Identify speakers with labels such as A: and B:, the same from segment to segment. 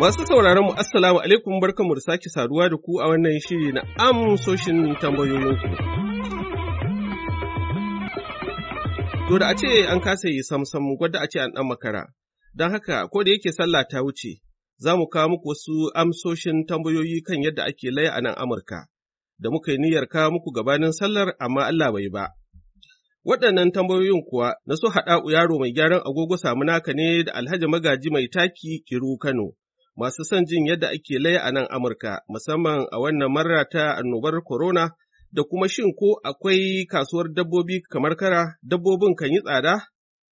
A: Masu sauraron mu assalamu alaikum barkanmu da sake saduwa da ku a wannan shiri na amsoshin tambayoyinku. To da a ce an kasa yi samsam gwada a ce an ɗan makara, don haka ko da yake sallah ta wuce, za mu kawo muku wasu amsoshin tambayoyi kan yadda ake laya a nan Amurka, da muka yi niyyar kawo muku gabanin sallar amma Allah bai ba. Waɗannan tambayoyin kuwa na so haɗa yaro mai gyaran agogo samu naka ne da Alhaji Magaji mai taki Kiru Kano, masu son jin yadda ake laya a nan Amurka, musamman a wannan marra ta annobar corona da kuma shin ko akwai kasuwar dabbobi kamar kara, dabbobin kan yi tsada?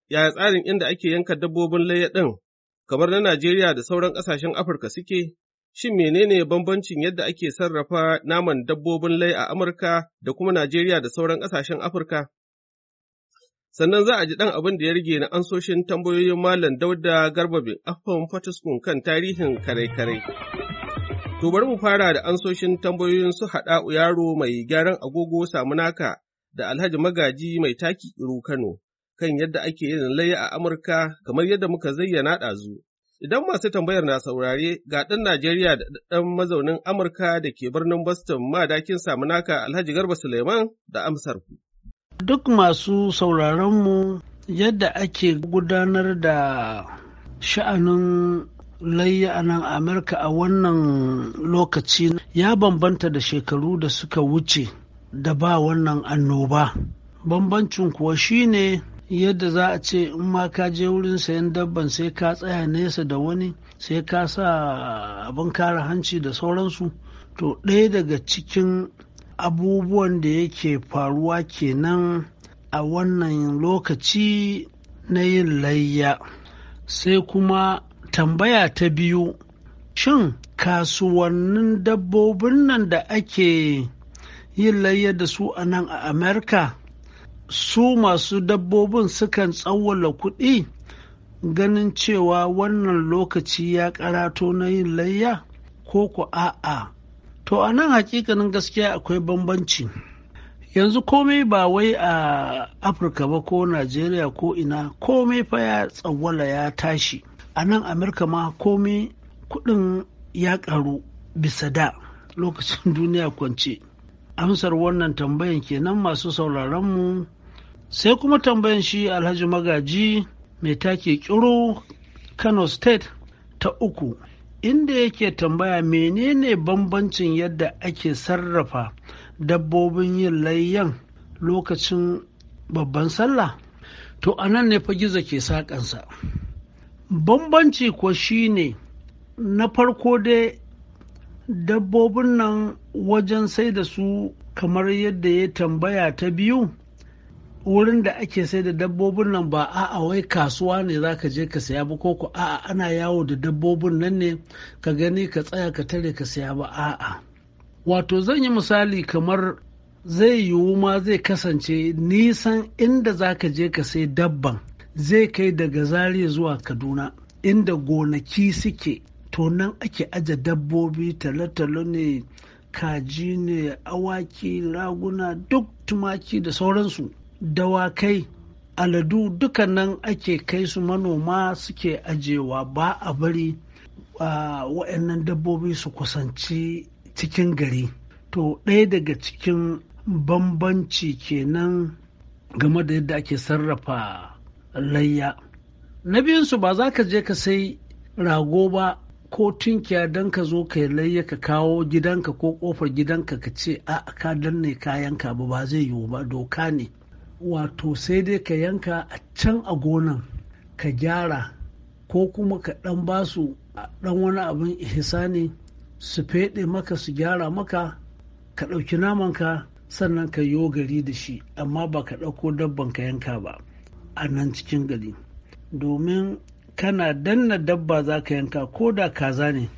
A: Yaya tsarin inda ake yanka dabbobin laya ɗin, kamar na Najeriya da sauran ƙasashen Afirka suke? Shin menene bambancin yadda ake sarrafa naman dabbobin lai a Amurka da kuma Najeriya da sauran ƙasashen Afirka? sannan za a ji ɗan abin da ya rage na ansoshin tambayoyin Malam Dauda Garba bin Afon Fataskun kan tarihin kare-kare. To bari mu fara da ansoshin tambayoyin su haɗa yaro mai gyaran agogo samunaka da Alhaji Magaji mai taki iru Kano kan yadda ake yin layya a Amurka kamar yadda muka zayyana ɗazu. Idan masu tambayar na saurare ga ɗan Najeriya da ɗan mazaunin Amurka da ke birnin Boston madakin samunaka Alhaji Garba Suleiman da amsar ku.
B: Duk masu sauraronmu yadda ake gudanar da sha'anin layya a nan Amurka a wannan lokaci ya bambanta da shekaru da suka wuce da ba wannan annoba. Bambancin kuwa shine yadda za a ce in ma ka je wurin sayan dabban sai ka tsaya nesa da wani sai ka sa abin kare hanci da sauransu to ɗaya daga cikin abubuwan da yake faruwa kenan a wannan lokaci na yin layya sai kuma tambaya ta biyu shin kasuwannin dabbobin nan da ake yin layya da su a nan a amerika su masu dabbobin sukan tsawwala kuɗi ganin cewa wannan lokaci ya karato na yin layya ko ku a'a to a nan hakikanin gaskiya akwai bambanci yanzu komai ba wai a afirka ba ko najeriya ko ina komai fa ya tsawwala ya tashi a nan amurka ma komai kudin ya karu bisa da lokacin duniya kwance amsar wannan tambayan kenan masu mu sai kuma tambayan shi alhaji magaji mai take kiro kano state ta uku inda yake tambaya menene bambancin yadda ake sarrafa dabbobin yin layyan lokacin babban sallah to anan nan ne gizo ke saƙansa bambanci kuwa shine na farko dai dabbobin nan wajen sai da su kamar yadda ya tambaya ta biyu wurin da ake sai da dabbobin nan ba a'a wai kasuwa ne za ka je ka saya ba ko ku a'a ana yawo da dabbobin nan ne ka gani ka tsaya ka tare ka saya ba a'a wato zan yi misali kamar zai yiwu ma zai kasance nisan inda za ka je ka sai dabban zai kai daga zari zuwa kaduna inda gonaki suke to nan ake aje dabbobi talo-talo ne kaji ne awaki raguna duk tumaki da sauransu dawakai aladu dukannan ake kai su manoma suke ajewa ba a bari wa'annan dabbobi su kusanci cikin gari to ɗaya daga cikin bambanci kenan game da yadda ake sarrafa layya na biyunsu ba za ka je ka sai rago ba ko tunkiya don ka zo ka layya ka kawo gidanka ko kofar gidanka ka ce a ka danne kayanka ba ba zai yiwu ba doka ne wato sai dai ka yanka a can a gonan ka gyara ko kuma ka ɗan basu dan wani abin ihsani su feɗe maka su gyara maka ka ɗauki namanka sannan ka yi gari da shi amma ba ka ɗauko dabban ka yanka ba a nan cikin gari domin kana danna dabba za ka yanka ko da kaza ne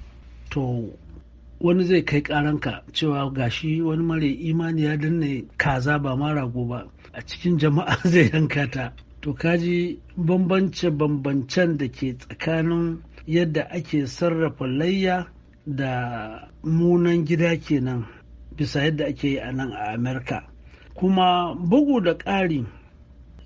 B: to wani zai kai karanka cewa gashi wani mare imani ya danna kaza ba mara rago ba a cikin jama'a zai yanka ta to kaji bambance-bambancen da ke tsakanin yadda ake sarrafa layya da munan gida kenan bisa yadda ake yi a nan a amerika kuma bugu da ƙari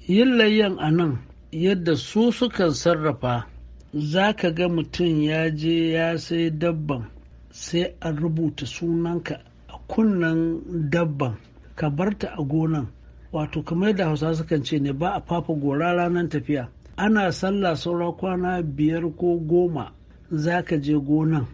B: yin layyan a nan yadda su sukan sarrafa za ka ga mutum ya je ya sai dabban sai a rubuta sunanka a kunnen dabban ka barta a gonan wato kamar yadda hausa sukan ce ne ba a fafa gora ranar tafiya ana sallah saura kwana biyar ko goma za ka je gonan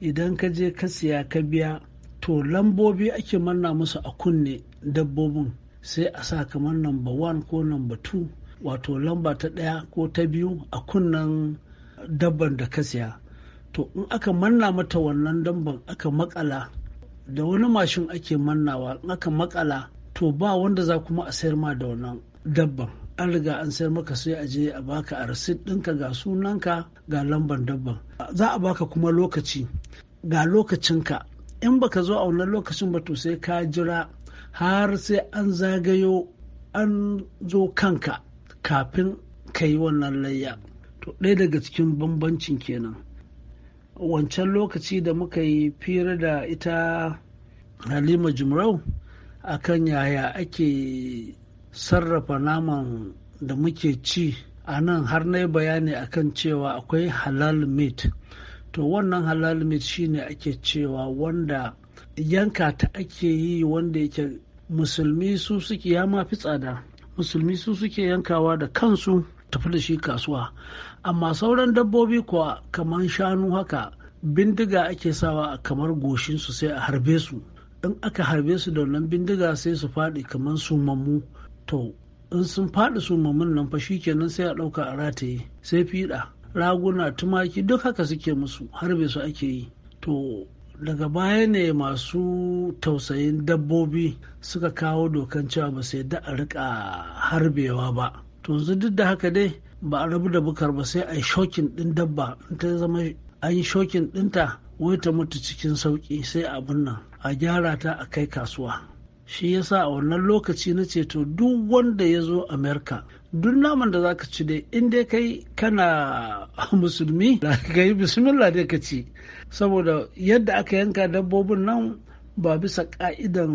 B: idan ka je ka siya ka biya to lambobi ake manna musu a kunne dabbobin sai a sa kamar namba 1 ko namba 2 wato lamba ta ɗaya ko ta biyu a kunnen dabban da ka siya to in aka manna mata wannan dabban aka makala da wani mashin ake mannawa in aka makala to ba wanda za kuma a sayar ma da wannan dabban an riga an sayar maka sai a je a baka a rasit ɗinka ga sunanka ga lambar dabban za a baka kuma lokaci ga lokacinka in baka zo a wannan lokacin ba to sai ka jira har sai an zagayo an zo kanka kafin ka yi wannan layya to ɗaya daga cikin bambancin kenan wancan lokaci da muka yi fira da ita halima jimrau akan yaya ake sarrafa naman da muke ci a nan har na yi bayani akan cewa akwai halal meat to wannan halal meat shine ake cewa wanda yanka ta ake yi wanda yake musulmi su suke ya ma fi tsada musulmi su suke yankawa da kansu tafi da shi kasuwa amma sauran dabbobi kuwa kamar shanu haka bindiga ake sawa kamar goshinsu sai a harbe su in aka harbe su da wannan bindiga sai su faɗi kamar sumammu to in sun faɗi sumammun nan fa shikenan sai a ɗauka a rataye sai fiɗa raguna tumaki duk haka suke musu harbe su ake yi to daga baya ne masu tausayin dabbobi suka kawo dokan cewa ba sai da a rika harbewa ba to yanzu duk da haka dai ba a rabu da bukar ba sai a yi shokin ɗin dabba in ta zama an yi shokin ɗinta wai ta mutu cikin sauki sai abin nan a gyara ta a kai kasuwa shi yasa a wannan lokaci na ceto duk wanda ya zo amerika duk naman da zaka ci dai in dai kai kana musulmi da ka yi bismillah dai ka ci saboda yadda aka yanka dabbobin nan ba bisa ka'idan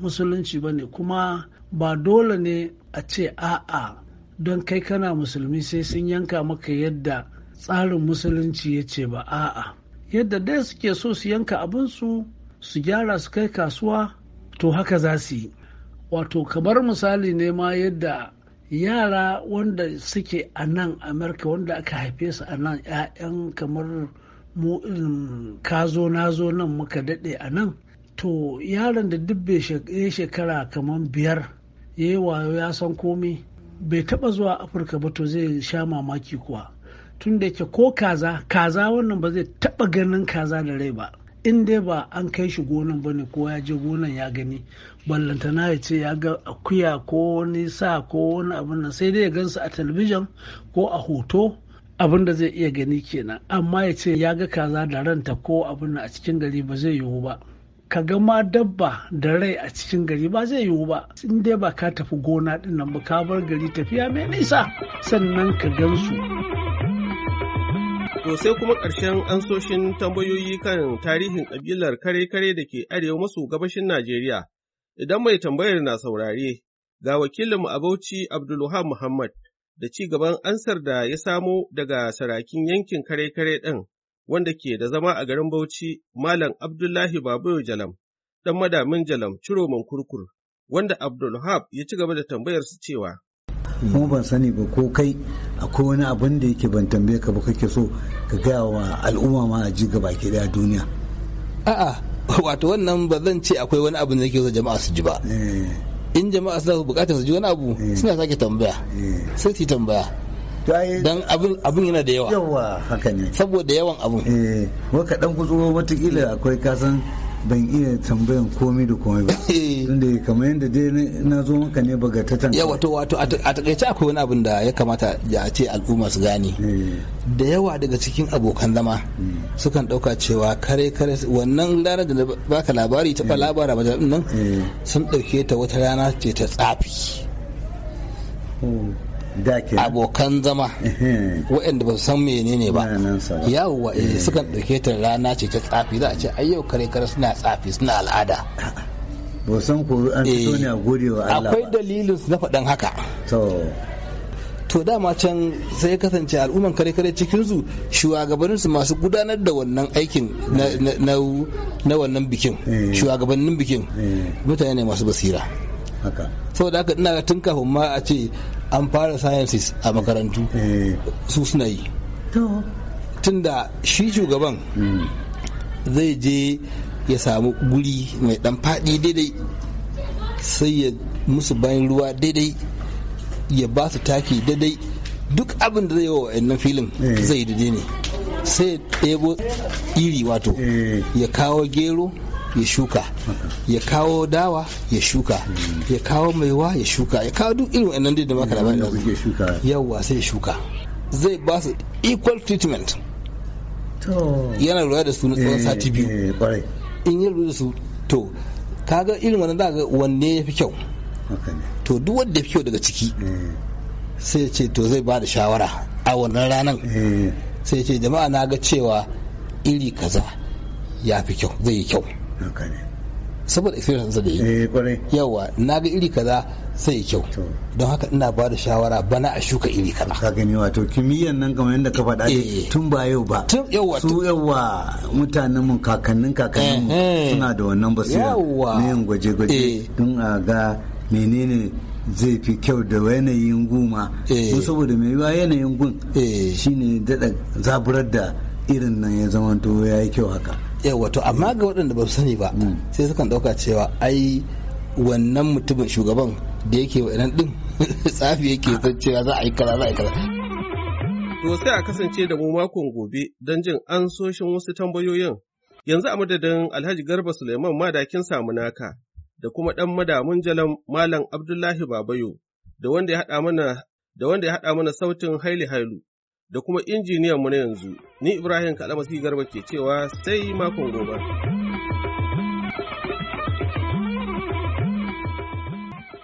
B: musulunci ba ne kuma ba dole ne a ce a'a don kai kana musulmi sai sun yanka maka yadda tsarin musulunci ya ce ba a'a yadda dai suke so su yanka abinsu su gyara su kai kasuwa to haka za su yi wato kamar misali ne ma yadda yara wanda suke a nan amurka wanda aka haife su a nan 'ya'yan kamar mu kazo zo nan muka daɗe a nan to yaron da duk bai shekara kamar biyar ya yi wayo ya san komi bai taɓa zuwa afirka ba to zai sha mamaki kuwa tun da yake ko kaza kaza wannan ba zai taɓa ganin kaza da rai ba in dai ba an kai shi gonan ba ne ko ya je gonan ya gani ballantana ya ce ya ga akuya ko wani sa ko wani abin nan sai dai ya gansu a talabijin ko a hoto abin da zai iya gani kenan amma ya ce ya ga kaza da ranta ko abin a cikin gari ba zai yiwu ba ka ga ma dabba da rai a cikin gari ba zai yiwu ba in dai ba ka tafi gona dinnan nan ba ka bar gari tafiya mai nisa sannan ka gansu.
A: To sai kuma ƙarshen ansoshin tambayoyi kan tarihin ƙabilar kare-kare da ke arewa maso gabashin Najeriya. Idan mai tambayar na saurare, ga wakilinmu a Bauchi Abdulluham Muhammad da ci gaban ansar da ya samo daga sarakin yankin kare-kare ɗin wanda ke da zama a garin Bauchi Malam Abdullahi Babayo Jalam, ɗan madamin Jalam Ciroman Kurkur, wanda Abdulhab ya ci gaba da tambayar su cewa.
C: mu ban sani ba ko kai akwai wani abin da yake ban tambaye ka ba kake so ka gaya wa al'umma ma a ji gaba ke daya duniya a'a wato wannan ba zan ce akwai wani abin da yake so jama'a su ji ba eh. in jama'a suna bukatar su ji wani abu eh. suna sake tambaya eh. sai su tambaya dan abin yana da yawa yawa haka ne saboda yawan abin eh waka dan kutsuro watakila akwai kasan ban iya tambayan komai da komai ba eh. tunda kamar yadda dai na zo maka ne ga yawa to wato a takaice akwai wani abin da ya kamata a ce al'umma su gane eh. da yawa daga cikin abokan zama hmm. sukan dauka cewa kare kare wannan ranar da baka labari ta eh. labara ba nan sun dauke ta wata rana ce ta tsafi oh. abokan zama waɗanda ba su san menene ba yawwa eh sukan ɗauke ta rana ce ta tsafi za a ce ai yau kare kare suna tsafi suna al'ada ba san ko an fito ne a eh, gode wa Allah akwai dalilin su na faɗan haka to dama can sai kasance al'umman kare kare cikin su shugabannin su masu gudanar da wannan aikin na wannan bikin eh. shugabannin bikin eh. mutane ne masu basira saboda haka ina tun kafin ma a ce an fara sciences a makarantu su suna yi tunda shi shugaban zai je ya samu guri mai dan faɗi daidai sai ya musu bayan ruwa daidai ya ba su taki daidai duk abin da zai yi wa wa'annan filin eh. zai daidai ne sai ya ɗebo iri wato eh. ya kawo gero ya shuka ya kawo dawa ya shuka ya kawo maiwa ya shuka ya kawo duk irin wannan da maka bayan yawa sai ya shuka zai ba su equal treatment yana lura da su na tsawon eh, sati biyu eh, in yi lura da su to kaga irin wannan za ga wanne ya fi kyau to duk wanda ya fi kyau daga ciki eh. sai ce to zai ba da shawara a wannan ranar sai ce jama'a na ga cewa iri kaza ya fi kyau zai yi kyau ne saboda experience da yi eh, yawa na ga iri kaza sai yi kyau don haka ina ba da shawara bana a shuka iri kaza ka gani wato kimiyyan nan kamar yadda ka faɗa eh. tun ba yau ba su yawa mutanen mu kakannin kakannin mu eh, suna da wannan basira na yin gwaje-gwaje don a ga menene zai fi kyau da yanayin guma don saboda mai yanayin gun shine daɗa zaburar da irin nan ya to ya yi kyau haka yawa to amma ga waɗanda ba su sani ba hmm. sai sukan ɗauka cewa ai wannan mutumin shugaban da yake wa'annan ɗin tsafi yake zan cewa za a yi kaza za a yi kaza
A: to sai a kasance da mu makon gobe don jin ansoshin wasu tambayoyin yanzu a madadin alhaji garba suleiman madakin samunaka da kuma ɗan madamun jalam malam abdullahi babayo da wanda ya haɗa mana sautin haili hailu da kuma injiniyan mu na yanzu ni Ibrahim kaɗa masu Garba ke cewa sai makon gobe.